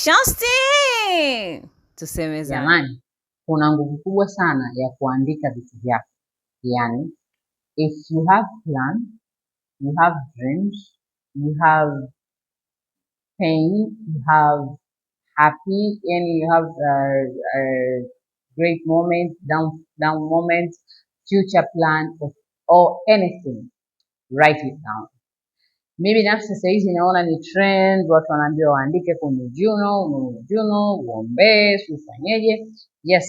Shosti, tusemezane jamani, kuna nguvu kubwa sana ya kuandika vitu vyako, yani if you have plan, you have dreams, you have pain, you have happy, yani you have uh, uh, great moment, down, down moment, future plan of, or anything, write it down mimi binafsi sasa hizi naona ni trend, watu wanaambiwa waandike kwenye Juno, Juno uombee, ufanyeje. Yes,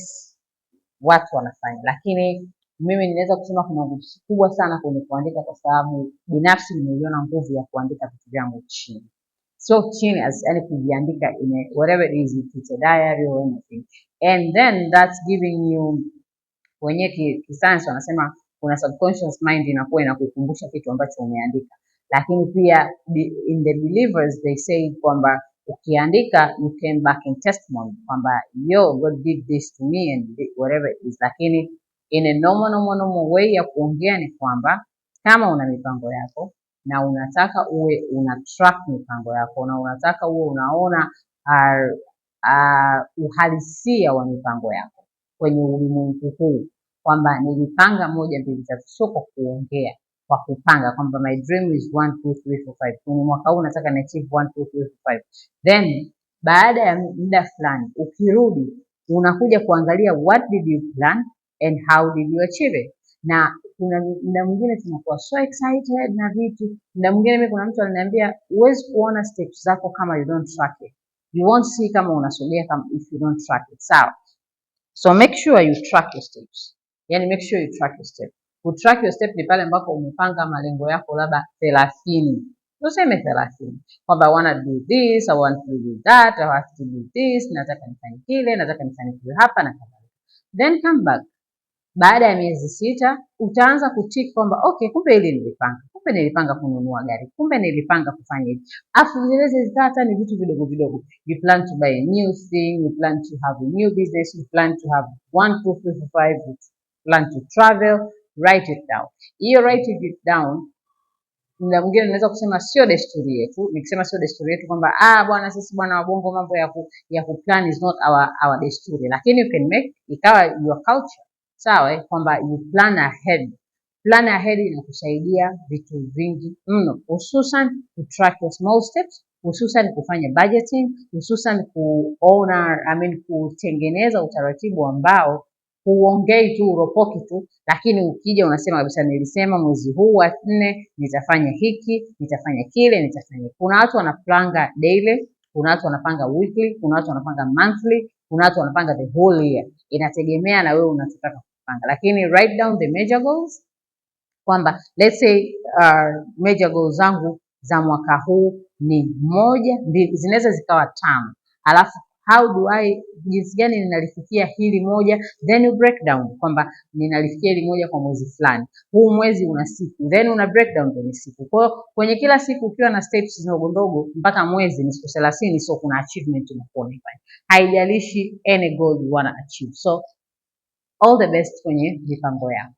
watu wanafanya, lakini mimi ninaweza kusema kuna nguvu kubwa sana kwenye kuandika, kwa sababu binafsi nimeiona nguvu ya kuandika vitu vyangu chini, so chini as any kujiandika in a, whatever it is, if it's a diary or anything, and then that's giving you kwenye kisayansi wanasema kuna subconscious mind inakuwa inakukumbusha kitu ambacho umeandika lakini pia in the believers they say kwamba ukiandika you came back in testimony kwamba yo God did this to me and whatever it is, lakini in a normal normal normal way ya kuongea ni kwamba kama una mipango yako na unataka uwe una track mipango yako na unataka uwe unaona uh, uh uhalisia wa mipango yako kwenye ulimwengu huu kwamba nilipanga moja mbili tatu, sio kwa kuongea kwa kupanga kwamba my dream is 1 2 3 4 5, kwa mwaka huu nataka ni achieve 1 2 3 4 5. Then baada ya muda fulani ukirudi, unakuja kuangalia what did you plan and how did you achieve it. Na kuna muda mwingine tunakuwa so excited na vitu. Muda mwingine mimi, kuna mtu aliniambia, huwezi kuona steps zako kama you don't track it, you won't see kama unasogea kama if you don't track it. Sawa, so make sure you track your steps, yani make sure you track your steps kutrack your step ni pale ambapo umepanga malengo yako labda thelathini, tuseme thelathini kwamba I wanna do this, I want to do that, I have to do this, nataka nifanye kile, nataka nifanikiwe hapa na kadhalika. Then come back baada ya miezi sita utaanza kutik kwamba okay, kumbe hili nilipanga, kumbe nilipanga kununua gari, kumbe nilipanga kufanya hivi. Afu zitata ni vitu vidogo vidogo, you plan to buy a new thing, you plan to have a new business, you plan to have one two three four five, you plan to travel write it down. Hiyo write it down muda mwingine naweza kusema sio desturi yetu. Nikisema sio desturi yetu kwamba ah, bwana sisi bwana wabongo mambo ya ku, ya ku plan is not our our desturi, lakini you can make ikawa your culture, sawa, eh, kwamba you plan ahead. Plan ahead inakusaidia vitu vingi mno, hususan to track your small steps, hususan kufanya budgeting, hususan kuona I mean, kutengeneza utaratibu ambao huongei tu, uropoki tu, lakini ukija unasema kabisa, nilisema mwezi huu wa nne nitafanya hiki, nitafanya kile, nitafanya. Kuna watu wanapanga daily, kuna watu wanapanga weekly, kuna watu wanapanga monthly, kuna watu wanapanga the whole year. Inategemea na wewe unachotaka kupanga, lakini write down the major goals kwamba let's say uh, major goals zangu za mwaka huu ni moja mbili, zinaweza zikawa tano, alafu how do I, jinsi gani ninalifikia hili moja, then you break down kwamba ninalifikia hili moja kwa mwezi fulani, huu mwezi una siku, then una break down kwenye siku. Kwa hiyo kwenye kila siku ukiwa na steps ndogo ndogo mpaka mwezi ni siku 30, so kuna achievement unakuwa umefanya, haijalishi any goal you wanna achieve. So all the best kwenye mipango yako.